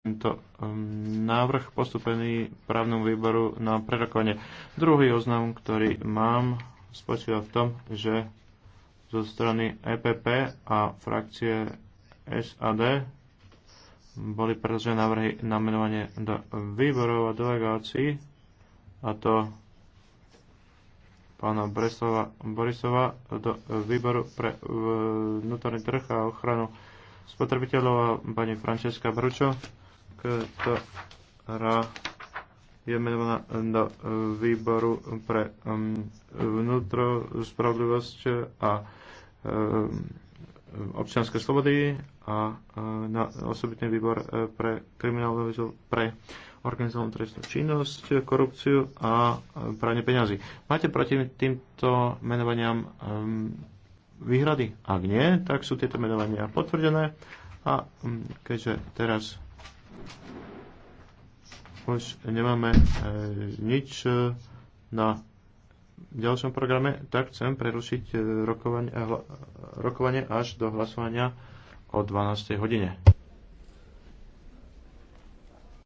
tento um, návrh postupený právnom výboru na prerokovanie. Druhý oznam, ktorý mám, spočíva v tom, že zo strany EPP a frakcie SAD boli predložené návrhy na menovanie do výborov a delegácií, a to pána Breslova Borisova do výboru pre uh, vnútorný trh a ochranu spotrebiteľov a pani Francesca Bručo ktorá e, je menovaná do e, výboru pre vnútro, spravodlivosť a e, občianske slobody a na osobitný výbor pre kriminálnu pre organizovanú trestnú činnosť, korupciu a pranie peňazí. Máte proti týmto menovaniam výhrady? Ak nie, tak sú tieto menovania potvrdené a keďže teraz už nemáme e, nič e, na ďalšom programe, tak chcem prerušiť e, rokovanie, rokovanie až do hlasovania o 12. hodine.